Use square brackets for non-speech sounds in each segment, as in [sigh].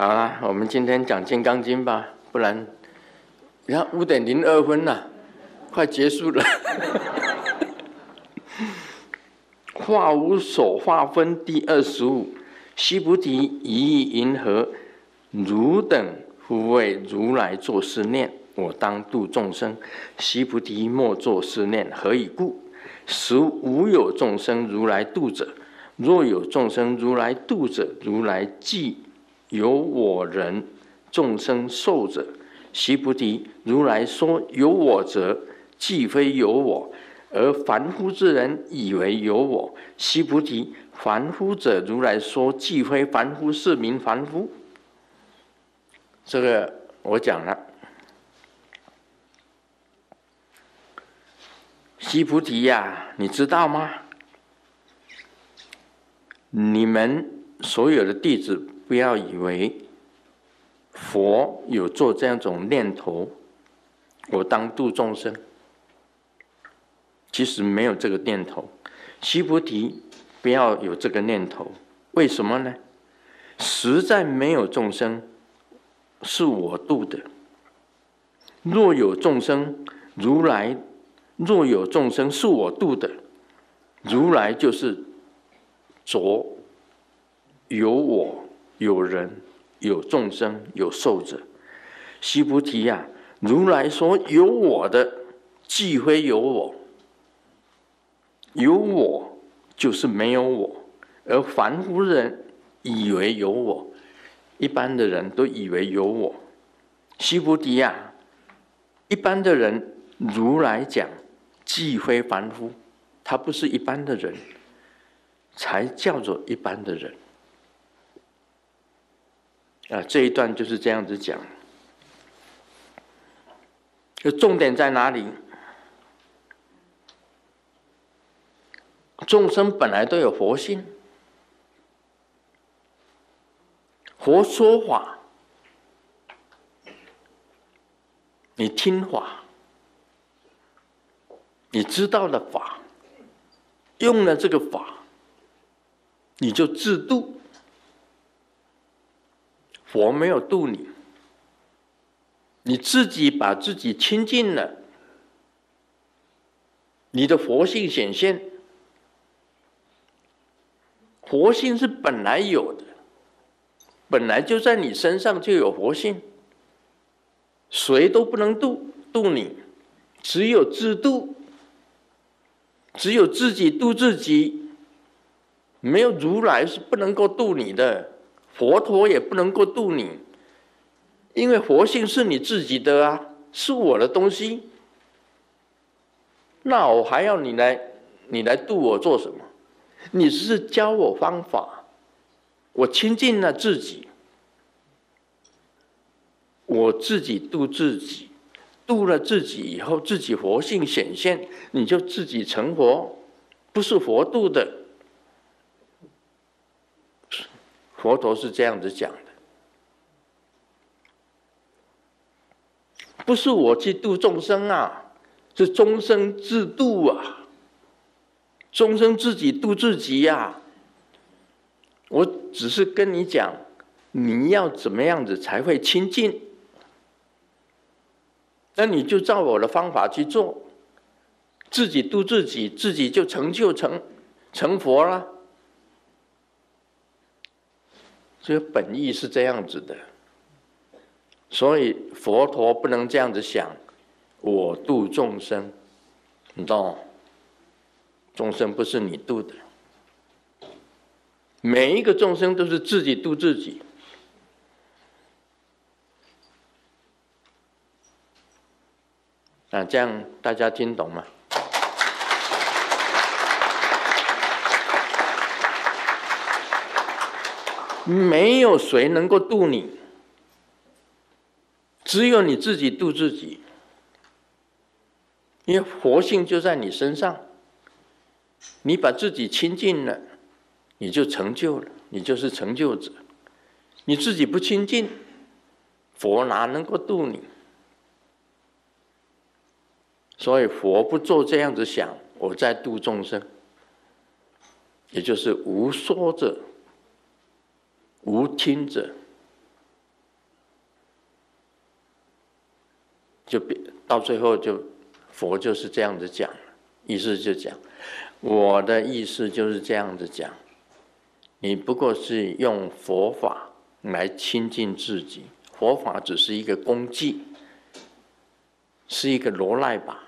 好啦，啊，我們今天講《金剛經》吧，不然，你看五點零二分了，啊，快結束了。 [laughs] 化無所化分第二十五。須菩提，於意云何？汝等勿謂如來作是念，我當度眾生。須菩提，莫作是念，何以故？實無有眾生如來度者。若有眾生如來度者，如來即，有我、人、眾生、壽者。須菩提，如來說有我者，即非有我，而凡夫之人，以為有我。須菩提，凡夫者，如來說即非凡夫，是名凡夫。這個我講了，須菩提呀，你知道嗎？你們所有的弟子。不要以為佛有做這樣種念頭，我當度眾生。其實沒有這個念頭。須菩提，不要有這個念頭。為什麼呢？實在沒有眾生是我度的。若有眾生，如來若有眾生是我度的，如來就是著有我，有人，有眾生，有壽者。須菩提呀，如來說有我的，即非有我，有我就是沒有我。而凡夫人以為有我，一般的人都以為有我。須菩提呀，一般的人，如來講即非凡夫，他不是一般的人，才叫做一般的人。啊，這一段就是這樣子講，就重點在哪裡？眾生本來都有佛性，佛說法，你聽法，你知道了法，用了這個法，你就自度。佛沒有度你，你自己把自己清淨了，你的佛性顯現，佛性是本來有的，本來就在你身上就有佛性，誰都不能度度你，只有自度，只有自己度自己，沒有如來是不能夠度你的。佛陀也不能夠度你，因為佛性是你自己的啊，是我的東西。那我還要你來，你來度我做什麼？你是教我方法，我親近了自己，我自己度自己，度了自己以後，自己佛性顯現，你就自己成佛，不是佛度的。佛陀是這樣子講的，不是我去度眾生啊，是眾生自度啊，眾生自己度自己呀、啊。我只是跟你講，你要怎麼樣子才會清淨，那你就照我的方法去做，自己度自己，自己就成就成成佛了。這個本意是這樣子的，所以佛陀不能這樣子想，我度眾生，你知道嗎？眾生不是你度的，每一個眾生都是自己度自己。啊，這樣大家聽懂嗎？沒有誰能夠渡你，只有你自己渡自己。因為佛性就在你身上，你把自己清淨了，你就成就了，你就是成就者。你自己不清淨，佛哪能夠渡你？所以佛不做這樣子想，我在度眾生，也就是無說者。無聽者，就別，到最後就佛就是這樣子講，意思就是講，我的意思就是這樣子講，你不過是用佛法來親近自己，佛法只是一個工具，是一個羅賴吧，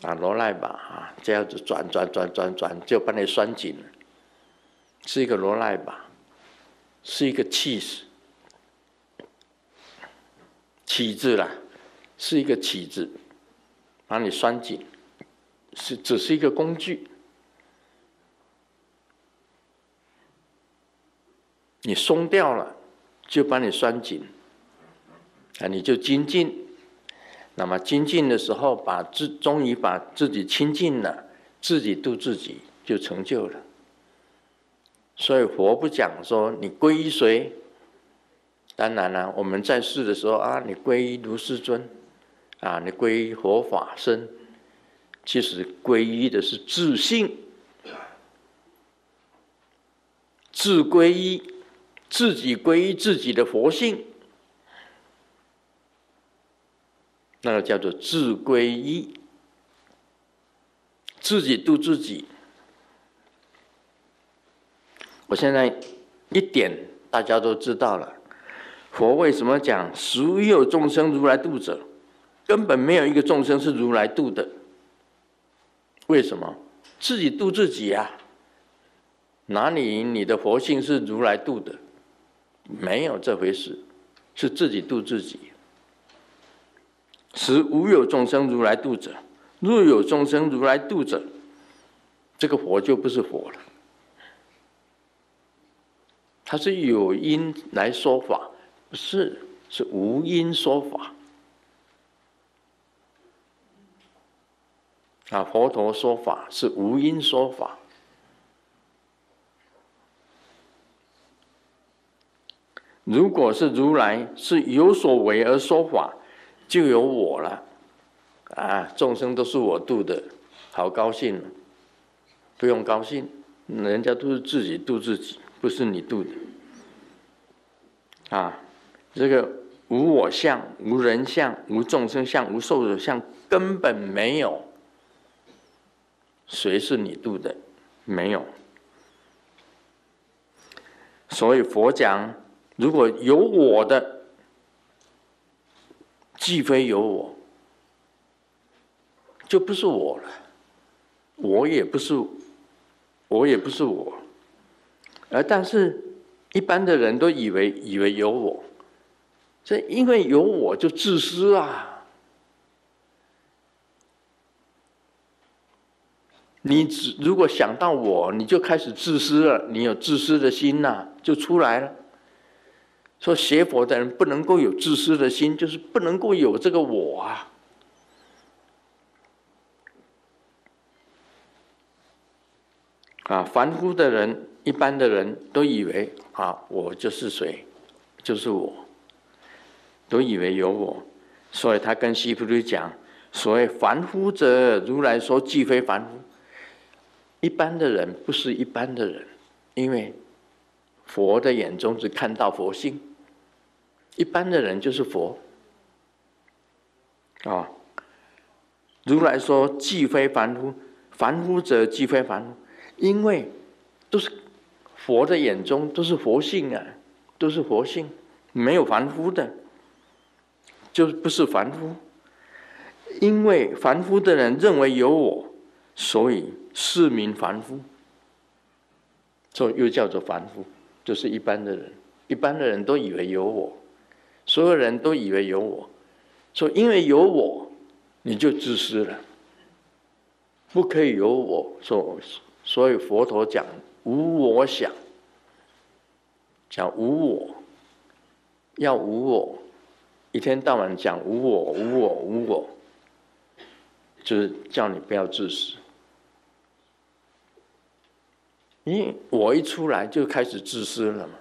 啊羅賴吧啊這樣子轉轉轉轉轉就把你拴緊了，是一個羅賴吧。是一個起子。起子啦，是一個起子，把你拴緊，是只是一個工具，你鬆掉了，就把你拴緊，啊，你就精進，那麼精進的時候，把自終於把自己清淨了，自己度自己，就成就了。所以佛不講說你皈依誰？當然了、啊，我們在世的時候啊，你皈依如是尊，啊，你皈依佛法僧，其實皈依的是自性，自皈依，自己皈依自己的佛性，那個叫做自皈依，自己度自己。我現在一點大家都知道了，佛為什麼講“實無有眾生如來度者”，根本沒有一個眾生是如來度的。為什麼？自己度自己啊！哪裡你的佛性是如來度的？沒有這回事，是自己度自己。實無有眾生如來度者，若有眾生如來度者，這個佛就不是佛了。他是有因來說法，不是，是無因說法。啊，佛陀說法是無因說法。如果是如來是有所為而說法，就有我了。啊，眾生都是我度的，好高興。不用高興，人家都是自己度自己。不是你度的，啊，這個無我相、無人相、無眾生相、無壽者相，根本沒有誰是你度的，沒有。所以佛講，如果有我的，即非有我，就不是我了，我也不是，我也不是我。而但是，一般的人都以為以為有我，這因為有我就自私啊！你只如果想到我，你就開始自私了，你有自私的心吶、啊，就出來了。說學佛的人不能夠有自私的心，就是不能夠有這個我啊！啊，凡夫的人，一般的人都以為啊，我就是誰，就是我，都以為有我，所以他跟須菩提講：“所謂凡夫者，如來說即非凡夫。一般的人不是一般的人，因為佛的眼中只看到佛性，一般的人就是佛。哦”啊，如來說即非凡夫，凡夫者即非凡夫，因為都是。佛的眼中都是佛性啊，都是佛性，沒有凡夫的，就不是凡夫。因為凡夫的人認為有我，所以是名凡夫，所以又叫做凡夫，就是一般的人。一般的人都以為有我，所有人都以為有我，所以因為有我，你就自私了，不可以有我。所以所以佛陀講。無我想，講無我，要無我，一天到晚講無我，無我，無我，就是叫你不要自私。因為我一出來就開始自私了嘛，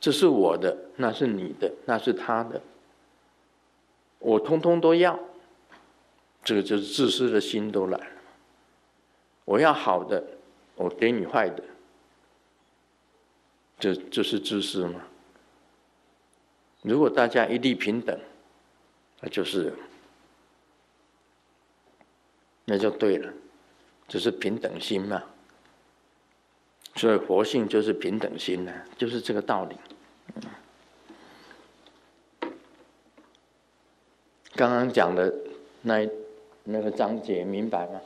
這是我的，那是你的，那是他的，我通通都要，這個就是自私的心都來了嘛，我要好的。我給你壞的，這就，就是自私嘛。如果大家一律平等，那就是，那就對了，這，就是平等心嘛。所以佛性就是平等心呢、啊，就是這個道理。剛剛講的那一那個章節，明白嗎？